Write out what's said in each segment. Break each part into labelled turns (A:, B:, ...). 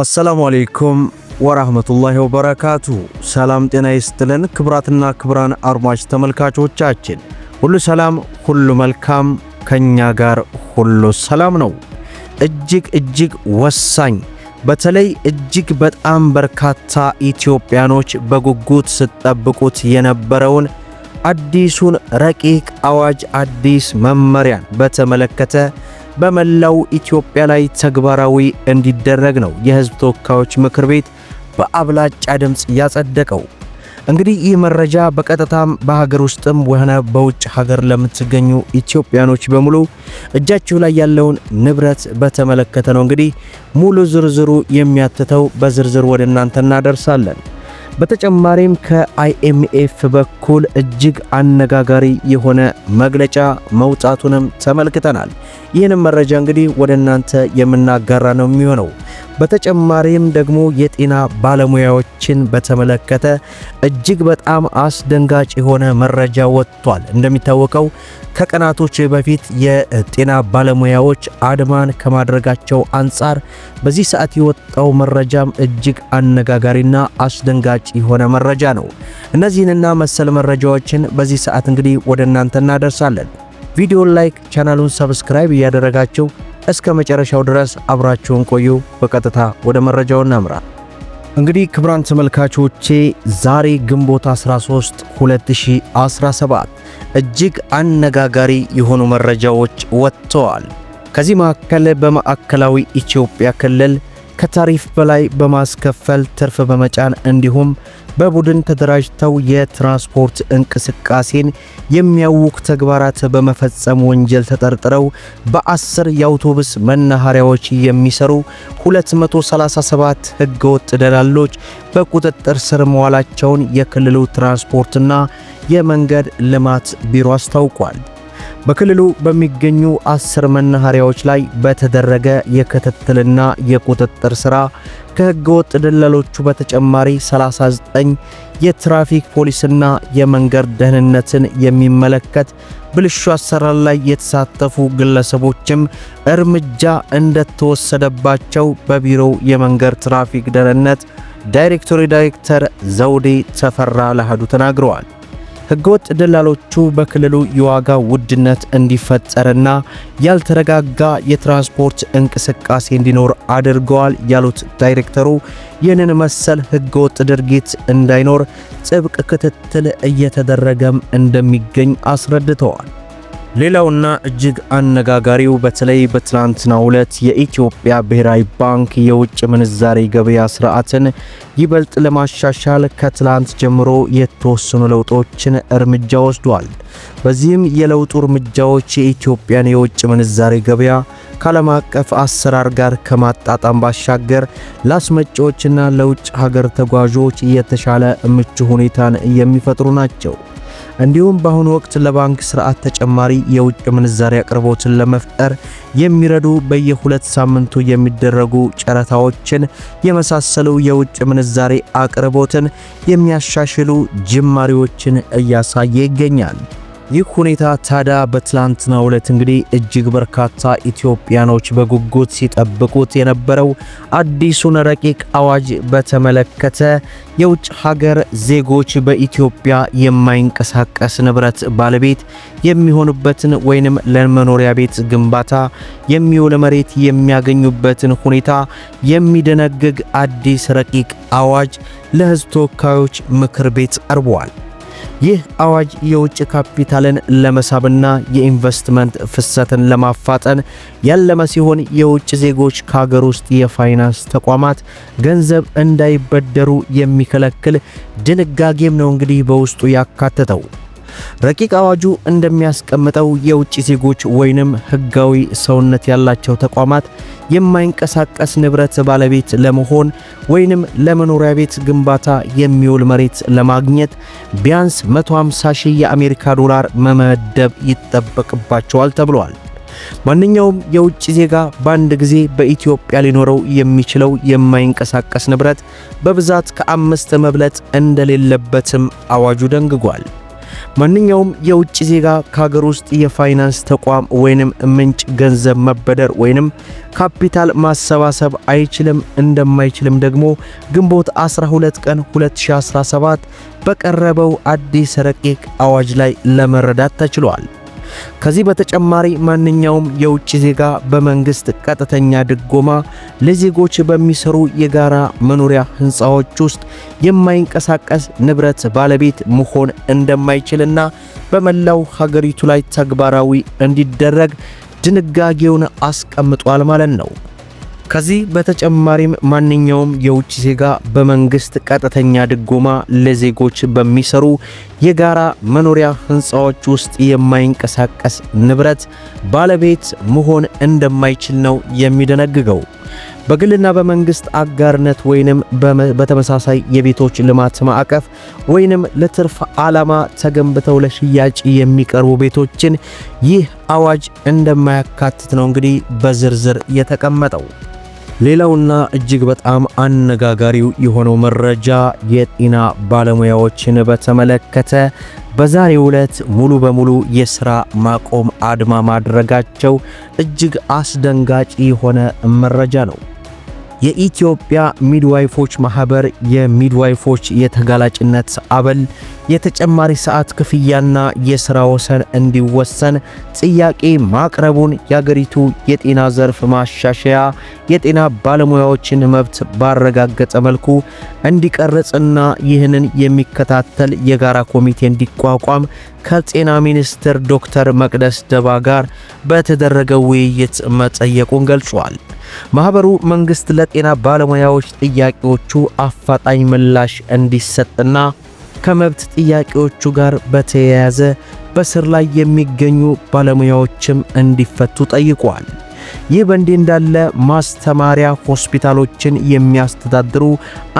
A: አሰላሙ አሌይኩም ወራህመቱላሂ ወበረካቱ። ሰላም ጤና ይስጥልን። ክብራትና ክብራን አድማጭ ተመልካቾቻችን ሁሉ ሰላም፣ ሁሉ መልካም፣ ከኛ ጋር ሁሉ ሰላም ነው። እጅግ እጅግ ወሳኝ በተለይ እጅግ በጣም በርካታ ኢትዮጵያኖች በጉጉት ስትጠብቁት የነበረውን አዲሱን ረቂቅ አዋጅ አዲስ መመሪያን በተመለከተ በመላው ኢትዮጵያ ላይ ተግባራዊ እንዲደረግ ነው የህዝብ ተወካዮች ምክር ቤት በአብላጫ ድምፅ ያጸደቀው። እንግዲህ ይህ መረጃ በቀጥታም በሀገር ውስጥም ሆነ በውጭ ሀገር ለምትገኙ ኢትዮጵያኖች በሙሉ እጃችሁ ላይ ያለውን ንብረት በተመለከተ ነው። እንግዲህ ሙሉ ዝርዝሩ የሚያትተው በዝርዝር ወደ እናንተ እናደርሳለን። በተጨማሪም ከአይኤምኤፍ በኩል እጅግ አነጋጋሪ የሆነ መግለጫ መውጣቱንም ተመልክተናል። ይህንም መረጃ እንግዲህ ወደ እናንተ የምናጋራ ነው የሚሆነው። በተጨማሪም ደግሞ የጤና ባለሙያዎችን በተመለከተ እጅግ በጣም አስደንጋጭ የሆነ መረጃ ወጥቷል። እንደሚታወቀው ከቀናቶች በፊት የጤና ባለሙያዎች አድማን ከማድረጋቸው አንጻር በዚህ ሰዓት የወጣው መረጃም እጅግ አነጋጋሪና አስደንጋጭ የሆነ መረጃ ነው። እነዚህንና መሰል መረጃዎችን በዚህ ሰዓት እንግዲህ ወደ እናንተ እናደርሳለን። ቪዲዮን ላይክ፣ ቻናሉን ሰብስክራይብ እያደረጋቸው እስከ መጨረሻው ድረስ አብራችሁን ቆዩ። በቀጥታ ወደ መረጃው እናምራ። እንግዲህ ክብራን ተመልካቾቼ ዛሬ ግንቦት 13 2017 እጅግ አነጋጋሪ የሆኑ መረጃዎች ወጥተዋል። ከዚህ መካከል በማዕከላዊ ኢትዮጵያ ክልል ከታሪፍ በላይ በማስከፈል ትርፍ በመጫን እንዲሁም በቡድን ተደራጅተው የትራንስፖርት እንቅስቃሴን የሚያውቅ ተግባራት በመፈጸም ወንጀል ተጠርጥረው በአስር የአውቶቡስ መናኸሪያዎች የሚሰሩ 237 ህገወጥ ደላሎች በቁጥጥር ስር መዋላቸውን የክልሉ ትራንስፖርትና የመንገድ ልማት ቢሮ አስታውቋል። በክልሉ በሚገኙ አስር መናኸሪያዎች ላይ በተደረገ የክትትልና የቁጥጥር ሥራ ከህገወጥ ደላሎቹ በተጨማሪ 39 የትራፊክ ፖሊስና የመንገድ ደህንነትን የሚመለከት ብልሹ አሰራር ላይ የተሳተፉ ግለሰቦችም እርምጃ እንደተወሰደባቸው በቢሮው የመንገድ ትራፊክ ደህንነት ዳይሬክቶሪ ዳይሬክተር ዘውዴ ተፈራ ለአሐዱ ተናግረዋል። ህገወጥ ደላሎቹ በክልሉ የዋጋ ውድነት እንዲፈጠርና ያልተረጋጋ የትራንስፖርት እንቅስቃሴ እንዲኖር አድርገዋል ያሉት ዳይሬክተሩ ይህንን መሰል ህገወጥ ድርጊት እንዳይኖር ጥብቅ ክትትል እየተደረገም እንደሚገኝ አስረድተዋል። ሌላውና እጅግ አነጋጋሪው በተለይ በትላንትናው ዕለት የኢትዮጵያ ብሔራዊ ባንክ የውጭ ምንዛሬ ገበያ ስርዓትን ይበልጥ ለማሻሻል ከትላንት ጀምሮ የተወሰኑ ለውጦችን እርምጃ ወስዷል። በዚህም የለውጡ እርምጃዎች የኢትዮጵያን የውጭ ምንዛሬ ገበያ ከዓለም አቀፍ አሰራር ጋር ከማጣጣም ባሻገር ለአስመጪዎችና ለውጭ ሀገር ተጓዦች የተሻለ ምቹ ሁኔታን የሚፈጥሩ ናቸው። እንዲሁም በአሁኑ ወቅት ለባንክ ስርዓት ተጨማሪ የውጭ ምንዛሪ አቅርቦትን ለመፍጠር የሚረዱ በየሁለት ሳምንቱ የሚደረጉ ጨረታዎችን የመሳሰሉ የውጭ ምንዛሪ አቅርቦትን የሚያሻሽሉ ጅማሪዎችን እያሳየ ይገኛል። ይህ ሁኔታ ታዲያ በትላንትናው ዕለት እንግዲህ እጅግ በርካታ ኢትዮጵያኖች በጉጉት ሲጠብቁት የነበረው አዲሱን ረቂቅ አዋጅ በተመለከተ የውጭ ሀገር ዜጎች በኢትዮጵያ የማይንቀሳቀስ ንብረት ባለቤት የሚሆኑበትን ወይንም ለመኖሪያ ቤት ግንባታ የሚውል መሬት የሚያገኙበትን ሁኔታ የሚደነግግ አዲስ ረቂቅ አዋጅ ለሕዝብ ተወካዮች ምክር ቤት ቀርቧል። ይህ አዋጅ የውጭ ካፒታልን ለመሳብና የኢንቨስትመንት ፍሰትን ለማፋጠን ያለመ ሲሆን የውጭ ዜጎች ከሀገር ውስጥ የፋይናንስ ተቋማት ገንዘብ እንዳይበደሩ የሚከለክል ድንጋጌም ነው እንግዲህ በውስጡ ያካተተው። ረቂቅ አዋጁ እንደሚያስቀምጠው የውጭ ዜጎች ወይንም ህጋዊ ሰውነት ያላቸው ተቋማት የማይንቀሳቀስ ንብረት ባለቤት ለመሆን ወይንም ለመኖሪያ ቤት ግንባታ የሚውል መሬት ለማግኘት ቢያንስ 150 ሺህ የአሜሪካ ዶላር መመደብ ይጠበቅባቸዋል ተብሏል። ማንኛውም የውጭ ዜጋ በአንድ ጊዜ በኢትዮጵያ ሊኖረው የሚችለው የማይንቀሳቀስ ንብረት በብዛት ከአምስት መብለጥ እንደሌለበትም አዋጁ ደንግጓል። ማንኛውም የውጭ ዜጋ ከሀገር ውስጥ የፋይናንስ ተቋም ወይንም ምንጭ ገንዘብ መበደር ወይንም ካፒታል ማሰባሰብ አይችልም። እንደማይችልም ደግሞ ግንቦት 12 ቀን 2017 በቀረበው አዲስ ረቂቅ አዋጅ ላይ ለመረዳት ተችሏል። ከዚህ በተጨማሪ ማንኛውም የውጭ ዜጋ በመንግስት ቀጥተኛ ድጎማ ለዜጎች በሚሰሩ የጋራ መኖሪያ ህንፃዎች ውስጥ የማይንቀሳቀስ ንብረት ባለቤት መሆን እንደማይችልና በመላው ሀገሪቱ ላይ ተግባራዊ እንዲደረግ ድንጋጌውን አስቀምጧል ማለት ነው። ከዚህ በተጨማሪም ማንኛውም የውጭ ዜጋ በመንግስት ቀጥተኛ ድጎማ ለዜጎች በሚሰሩ የጋራ መኖሪያ ህንፃዎች ውስጥ የማይንቀሳቀስ ንብረት ባለቤት መሆን እንደማይችል ነው የሚደነግገው። በግልና በመንግስት አጋርነት ወይንም በተመሳሳይ የቤቶች ልማት ማዕቀፍ ወይንም ለትርፍ ዓላማ ተገንብተው ለሽያጭ የሚቀርቡ ቤቶችን ይህ አዋጅ እንደማያካትት ነው እንግዲህ በዝርዝር የተቀመጠው። ሌላውና እጅግ በጣም አነጋጋሪው የሆነው መረጃ የጤና ባለሙያዎችን በተመለከተ በዛሬው ዕለት ሙሉ በሙሉ የሥራ ማቆም አድማ ማድረጋቸው እጅግ አስደንጋጭ የሆነ መረጃ ነው። የኢትዮጵያ ሚድዋይፎች ማህበር የሚድዋይፎች የተጋላጭነት አበል የተጨማሪ ሰዓት ክፍያና የሥራ ወሰን እንዲወሰን ጥያቄ ማቅረቡን የአገሪቱ የጤና ዘርፍ ማሻሻያ የጤና ባለሙያዎችን መብት ባረጋገጠ መልኩ እንዲቀርጽና ይህንን የሚከታተል የጋራ ኮሚቴ እንዲቋቋም ከጤና ሚኒስትር ዶክተር መቅደስ ደባ ጋር በተደረገው ውይይት መጠየቁን ገልጿል። ማህበሩ መንግስት ለጤና ባለሙያዎች ጥያቄዎቹ አፋጣኝ ምላሽ እንዲሰጥና ከመብት ጥያቄዎቹ ጋር በተያያዘ በስር ላይ የሚገኙ ባለሙያዎችም እንዲፈቱ ጠይቋል። ይህ በእንዲህ እንዳለ ማስተማሪያ ሆስፒታሎችን የሚያስተዳድሩ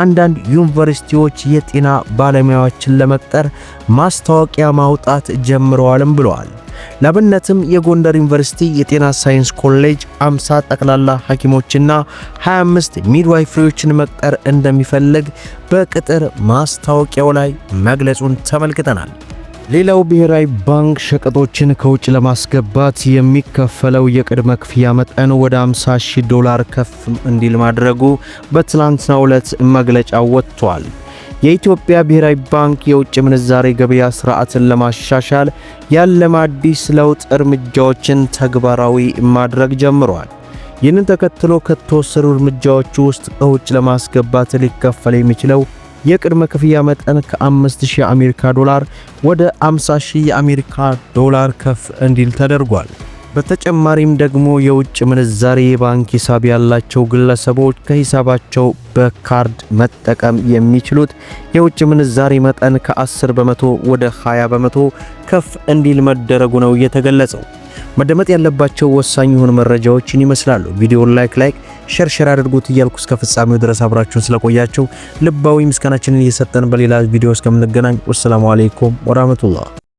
A: አንዳንድ ዩኒቨርሲቲዎች የጤና ባለሙያዎችን ለመቅጠር ማስታወቂያ ማውጣት ጀምረዋልም ብለዋል። ላብነትም የጎንደር ዩኒቨርሲቲ የጤና ሳይንስ ኮሌጅ 50 ጠቅላላ ሐኪሞችና 25 ሚድዋይፍሪዎችን መቅጠር እንደሚፈልግ በቅጥር ማስታወቂያው ላይ መግለጹን ተመልክተናል። ሌላው ብሔራዊ ባንክ ሸቀጦችን ከውጭ ለማስገባት የሚከፈለው የቅድመ ክፍያ መጠን ወደ 50 ሺህ ዶላር ከፍ እንዲል ማድረጉ በትላንትናው ዕለት መግለጫ ወጥቷል። የኢትዮጵያ ብሔራዊ ባንክ የውጭ ምንዛሬ ገበያ ስርዓትን ለማሻሻል ያለመ አዲስ ለውጥ እርምጃዎችን ተግባራዊ ማድረግ ጀምሯል። ይህንን ተከትሎ ከተወሰዱ እርምጃዎች ውስጥ ከውጭ ለማስገባት ሊከፈል የሚችለው የቅድመ ክፍያ መጠን ከ5000 የአሜሪካ ዶላር ወደ 50000 የአሜሪካ ዶላር ከፍ እንዲል ተደርጓል። በተጨማሪም ደግሞ የውጭ ምንዛሬ የባንክ ሂሳብ ያላቸው ግለሰቦች ከሂሳባቸው በካርድ መጠቀም የሚችሉት የውጭ ምንዛሬ መጠን ከ10 በመቶ ወደ 20 በመቶ ከፍ እንዲል መደረጉ ነው የተገለጸው። መደመጥ ያለባቸው ወሳኝ የሆኑ መረጃዎችን ይመስላሉ። ቪዲዮን ላይክ ላይክ ሸር አድርጉት እያልኩ እስከ ፍጻሜው ድረስ አብራችሁን ስለቆያችሁ ልባዊ ምስጋናችንን እየሰጠን በሌላ ቪዲዮ እስከምንገናኝ ወሰላሙ አሌይኩም ወራህመቱላህ።